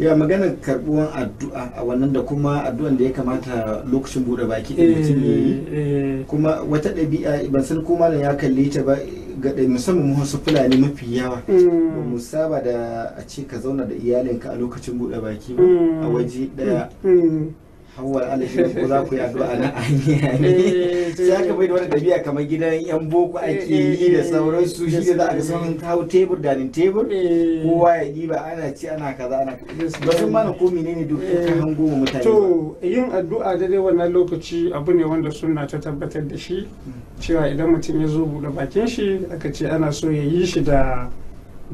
ya magana karbuwan addu'a a wannan da kuma addu'an da ya kamata lokacin bude baki da mutum ya eh, eh. kuma wata ɗabi'a ban san ko malam ya kalle ta ba ga musamman mu wasu fulani mafi yawa hmm. ba mu saba da a ce ka zauna da iyalinka a lokacin bude baki ba hmm. a waje ɗaya hmm. hawar alishin ko za ku yi addu'a na amin eh, eh, sai aka bai da wani ɗabi'a kamar gidan yan boko eh, ake yi da sauran su shi da za a ga sun hau tebur da danin tebur kowa ya ɗiba ana ci ana kaza ana ba sun mana ko ne duk kan hango mutane to yin addu'a da dai wannan lokaci abu ne wanda sunna ta tabbatar da shi hmm. cewa idan mutum ya zo buɗe bakin shi aka ce ana so ya yi shi da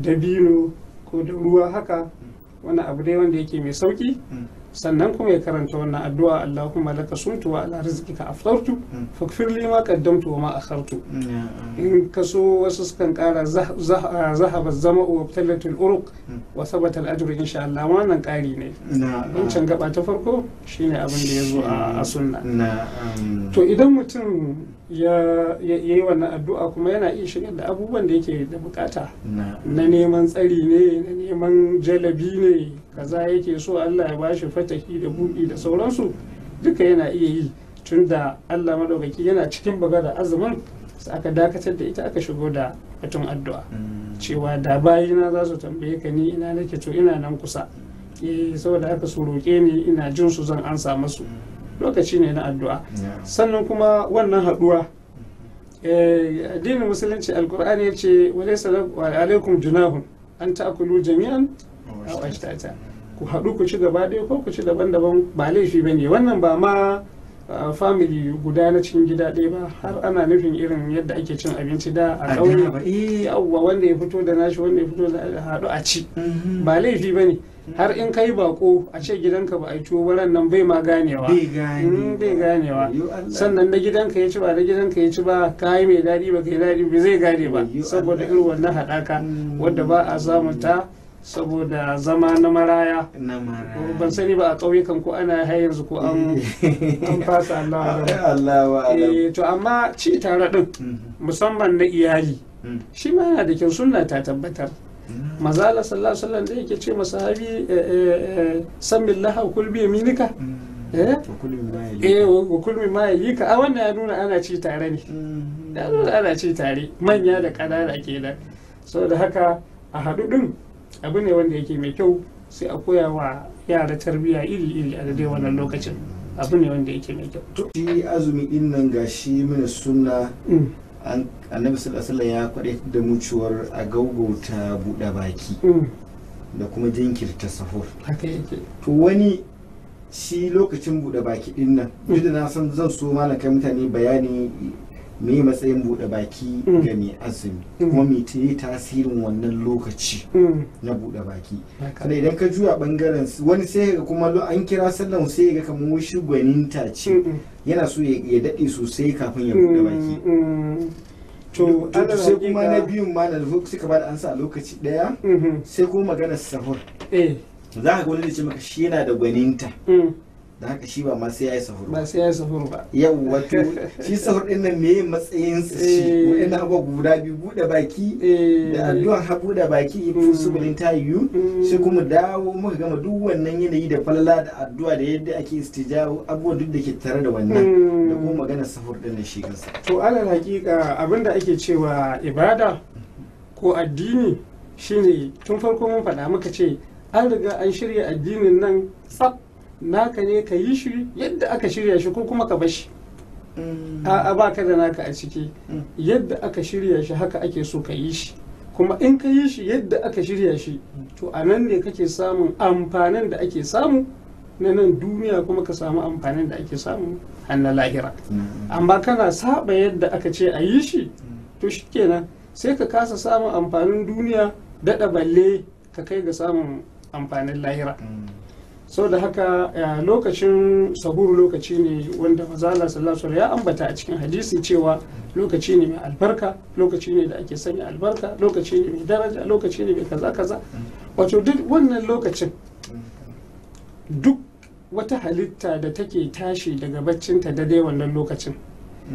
dabino ko da ruwa haka hmm. wani abu dai wanda yake mai sauki hmm. sannan kuma ya karanta wannan addu'a Allahumma laka sumtu wa ala rizqika aftartu faghfir li ma qaddamtu wa ma akhartu mm. in kaso wasu sukan kara zahaba zama wa talatul uruq mm. wa sabata al ajru insha Allah wannan kari ne wancan gaba ta farko shine abin da ya zo a sunna um. to idan mutum ya yi wannan addu'a kuma yana iya shigar da abubuwan da yake da bukata na neman tsari ne na neman jalabi ne kaza yake so allah ya ba shi fataki da buɗi da sauransu duka yana iya yi tun da allah maɗaukaki yana cikin baga da azumin sai aka dakatar da ita aka shigo da batun addu'a mm. cewa da bayina za su tambaye ka ni ina nake to ina nan kusa e saboda aka su roƙe ni ina jin su zan ansa masu mm. lokaci ne na addu'a sannan kuma wannan haɗuwa eh, addinin musulunci alkur'ani ya ce wa alaikum junahun an ta'kulu jami'an a ashtata ku haɗu ku ci gaba dai ko ku ci daban-daban ba laifi ba ne wannan ba ma famili guda na cikin gida ɗaya ba har ana nufin irin yadda ake cin abinci da a ƙauye eh. yawwa wanda ya fito da nashi wanda ya fito da haɗu a ci mm-hmm. ba laifi bane har in kai bako a ce gidanka ba a yi tuwo nan bai ma ganewa bai ganewa mm, sannan na gidanka ya ci ba na gidanka ya ci ba ka yi mai daɗi ba kai daɗi ba zai gane ba saboda irin wannan haɗaka mm. wadda ba a samun ta saboda zama na maraya mm, ban sani ba a ƙauyukan ko ana har yanzu ko an fasa Allah eh, to amma ci tare din musamman na iyali shi ma yana da kyau sunna ta tabbatar mazala sallallahu alaihi wasallam yake ce masahabi eh, eh, eh, sammin laha kul bi mm. eh wa kulmi ma yalika a wannan ya nuna ana ci tare ne mm-hmm. ya nuna ana ci tare manya da da. kenan saboda haka a haɗu ɗin abu ne wanda yake mai kyau sai a koya wa yara tarbiyya iri-iri a daidai wannan lokacin abu ne wanda yake mai kyau. shi azumi din nan gashi mana suna mm. annabi sallallahu ya kwaɗe da mu a gaugauta buɗe baki mm. da kuma jinkirta sahur to wani shi lokacin buɗe baki dinnan nan duk da na san zan so malam kai mutane bayani yi matsayin buɗe baki mm. ga mai azumi mm. kuma mai mitire tasirin wannan lokaci mm. na buɗe baki kada idan ka juya bangaren wani sai ga kuma an kira sallan sai ga kamar gwaninta ce yana so ya daɗe sosai kafin ya buɗe baki to sai kuma na biyun ma na suka bada ansa a lokaci ɗaya mm-hmm. sai kuma maganar sahur eh. za ka ga wani da ce maka shi yana da gwaninta da haka shi ba ma sai ya yi ba sai ya yi ba yau wato shi sahur din nan me matsayin su shi eh. wa'annan abubuwa guda biyu bude baki eh. da addu'an ha bude baki hmm. subulin ta yiwu hmm. sai kuma dawo muka gama duk wannan yanayi da falala da addu'a da yadda ake istijabu abubuwa duk da ke tare da wannan hmm. da kuma magana sahur din nan shi kansa to alal hakika abinda ake cewa ibada ko addini shine tun farko mun faɗa muka ce an riga an shirya addinin nan tsaf naka ne ka yi shi yadda aka shirya shi ko kuma ka bashi mm. a ba ka da naka a ciki mm. yadda aka shirya shi haka ake so ka yi shi kuma in ka yi shi yadda aka shirya shi to a nan ne kake samun amfanin da ake samu na nan duniya kuma ka samu amfanin da ake samu har na lahira mm. amma kana saba yadda aka ce a yi shi to shi kenan sai ka kasa samun amfanin duniya daɗa balle ka kai ga samun amfanin lahira sau da haka eh, lokacin sahuru lokaci ne wanda mazala sallasar ya ambata a cikin hadisi cewa lokaci ne mai albarka lokaci ne da ake sanya albarka lokaci ne mai daraja lokaci ne mai kaza kaza wato duk wannan lokacin duk wata halitta da take tashi daga baccinta da dai wannan lokacin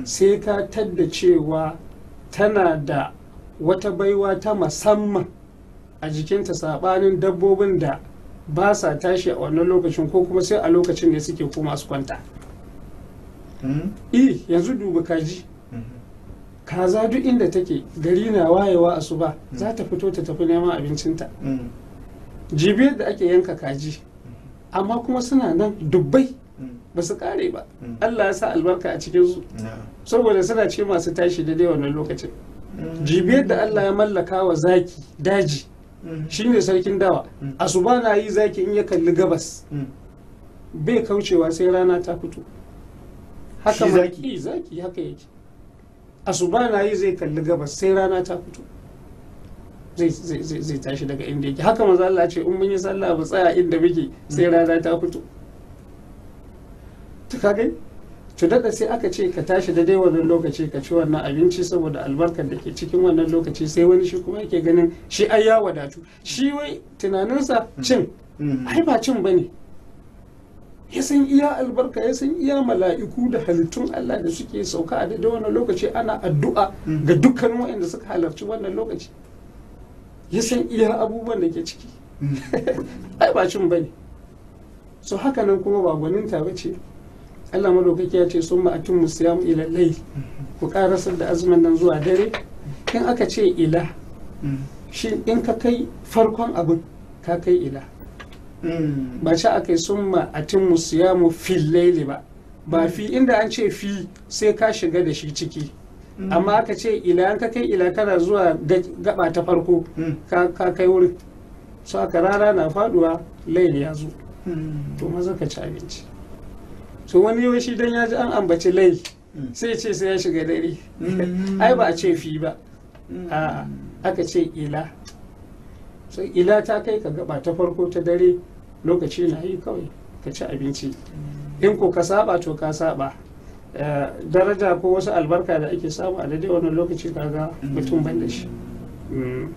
sai ka tadda cewa tana da wata baiwa ta musamman a jikinta sabanin dabbobin da ba sa tashi a wannan lokacin ko kuma sai a lokacin da suke koma su kwanta hmm? eh yanzu duba kaji hmm. kaza duk inda take gari na wayewa a su ba hmm. za ta fito ta tafi neman abincinta jibiyar da ake yanka kaji amma kuma suna nan dubbai ba su kare ba allah ya sa albarka a cikinsu saboda suna ce masu tashi da daidai wannan lokacin jibiyar da allah ya mallaka wa zaki daji shine sarkin dawa asuba na yi zaki in ya kalli gabas mm. bai kaucewa sai rana ta fito haka zaki zaki haka yake asuba na yi zai kalli gabas sai rana ta fito zai tashi daga inda yake haka maza Allah ce in mun yi sallah mu tsaya inda muke sai rana ta fito ta kagai to daɗa sai aka ce ka tashi daidai wannan lokaci ka ci wannan abinci saboda albarkar da ke cikin wannan lokaci sai wani shi kuma yake ganin shi ai ya wadatu shi wai tunaninsa cin mm-hmm. ai ba cin bane ya san iya albarka ya san iya mala'iku da halittun Allah da suke sauka a daidai wannan lokaci ana addu'a mm-hmm. ga dukkan waɗanda suka halarci wannan lokaci ya san iya abubuwan da ke ciki mm-hmm. ai ba cin bane so haka nan kuma ba gwaninta ba ce Allah madaukaki ya ce sun ma'atun musiyam ila ku karasar da azumin nan zuwa dare in aka ce ila shi in ka kai farkon abin ka kai ila hmm. ba ci aka yi sun ma'atun musiyamu fil ba ba hmm. fi inda an ce fi sai ka shiga da shi ciki hmm. amma aka ce ila an ka kai ila kana zuwa gaba ta farko ka kai wurin so aka rana na faduwa laili ya zo to maza ka ci abinci so wani yau shi dan ya ji an ambaci lai mm. sai ce sai ya shiga dare mm. ai ba a ce fi ba mm. aka ce ila sai ila ta kai ka gaba ta farko ta dare lokaci na yi kawai ka ci abinci in ko ka saba to ka saba eh, daraja ko wasu albarka da ake samu a daidai wannan lokaci kaga mutum ban da shi